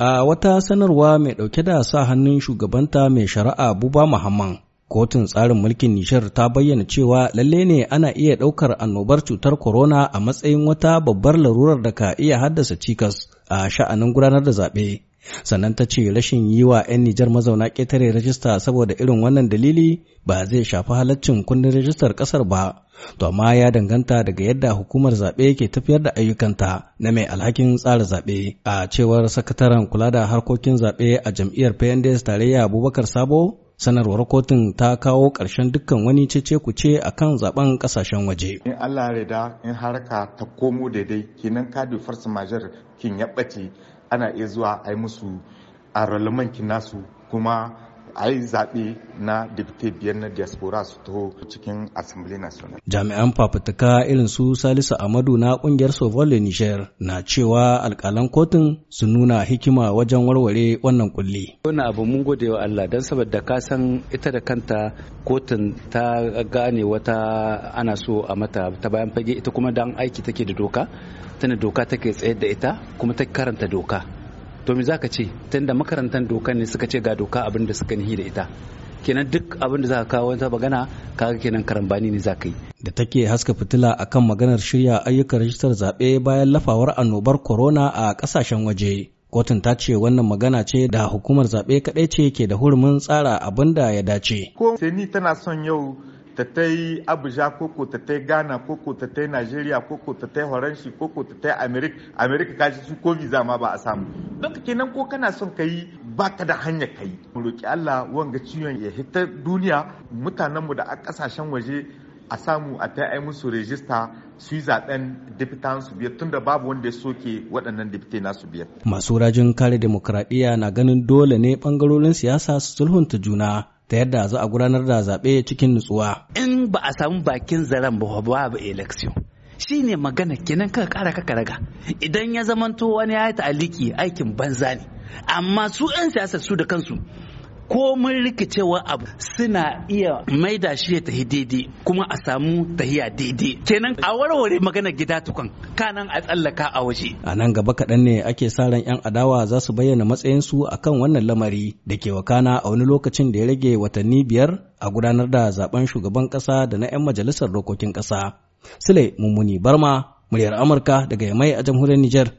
A wata sanarwa mai ɗauke da sa hannun shugabanta mai shari'a Buba Muhammad, kotun tsarin mulkin Nishar ta bayyana cewa lalle ne ana iya ɗaukar annobar cutar corona a matsayin wata babbar larurar da ka iya haddasa cikas a sha'anin gudanar da zaɓe. sannan ta ce rashin yi wa 'yan Nijar mazauna ƙetare rajista saboda irin wannan dalili ba zai shafi halaccin kundin rajistar ƙasar ba, to amma ya danganta daga yadda hukumar zaɓe ke tafiyar da ayyukanta na mai alhakin tsara zaɓe a cewar sakataren kula da harkokin zaɓe a jam'iyyar PNDS tarayya Abubakar Sabo. sanarwar kotun ta kawo ƙarshen dukkan wani cece ce a kan zaben ƙasashen waje. In Allah ya in harka ta komo daidai kenan kadi farsa majar kin ya ɓace ana iya zuwa a yi musu a nasu kuma a yi zaɓe na deputy biyar na diaspora su taho cikin assembly national. Jami'an fafutuka irin su Salisu Amadu na ƙungiyar Sovole Niger na cewa alƙalan kotun su nuna hikima wajen warware wannan kulli. Wani abu mun gode wa Allah don saboda ka san ita da kanta kotun ta gane wata ana so a mata ta bayan fage ita kuma dan aiki take da doka tana doka take tsayar da ita kuma ta karanta doka to me zaka ce tunda makarantar dokan ne suka ce ga doka abin da suka nihi da ita kenan duk abin da zaka kawo wata magana kaga kenan karambani ne ka yi da take haska fitila akan maganar shirya ayyukan rajistar zaɓe bayan lafawar annobar corona a ƙasashen waje kotun ta ce wannan magana ce da hukumar zaɓe kaɗai ce ke da hurumin tsara abin da ya dace. ko ni tana son yau ta yi abuja koko ta tai ghana koko ta yi nigeria koko ta yi horanshi koko ta america america ka su ko visa ma ba a samu don ka kenan ko kana son ka yi ba ka da hanya ka yi mu roki allah wanga ciwon ya hita duniya mutanenmu da a kasashen waje a samu a ta yi musu rejista su yi zaben deputan su biyar tunda babu wanda ya soke waɗannan depute nasu biyar. Masu rajin kare demokradiyya na ganin dole ne ɓangarorin siyasa su sulhunta juna ta yadda za a gudanar da zaɓe cikin nutsuwa. In ba a samu bakin zaren ba ba ba election. Shi ne magana kenan ka kara kaka raga. Idan ya zamanto wani ya yi ta'aliki aikin banza ne. Amma su 'yan siyasar su da kansu mun rikicewa abu suna iya maida shi ya tafi daidai kuma a samu tahiya daidai kenan a warware maganar gida tukan kanan a tsallaka a waje a nan gaba kaɗan ne ake sa ran yan adawa za su bayyana matsayinsu akan wannan lamari da ke wakana a wani lokacin da ya rage watanni biyar a gudanar da zaben shugaban kasa da na 'yan majalisar dokokin ƙasa sule mummuni barma muryar amurka daga yamai a jamhuriyar Nijar.